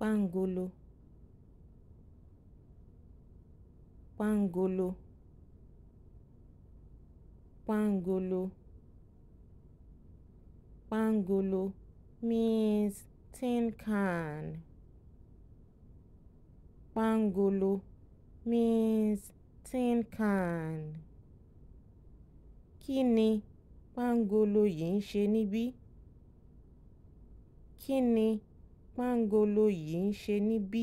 pangolo pangolo pangolo pangolo means tin can pangolo means tin can Kini, pangolo yìí ń ṣe níbí kí páńgolo yìí ń ṣe níbí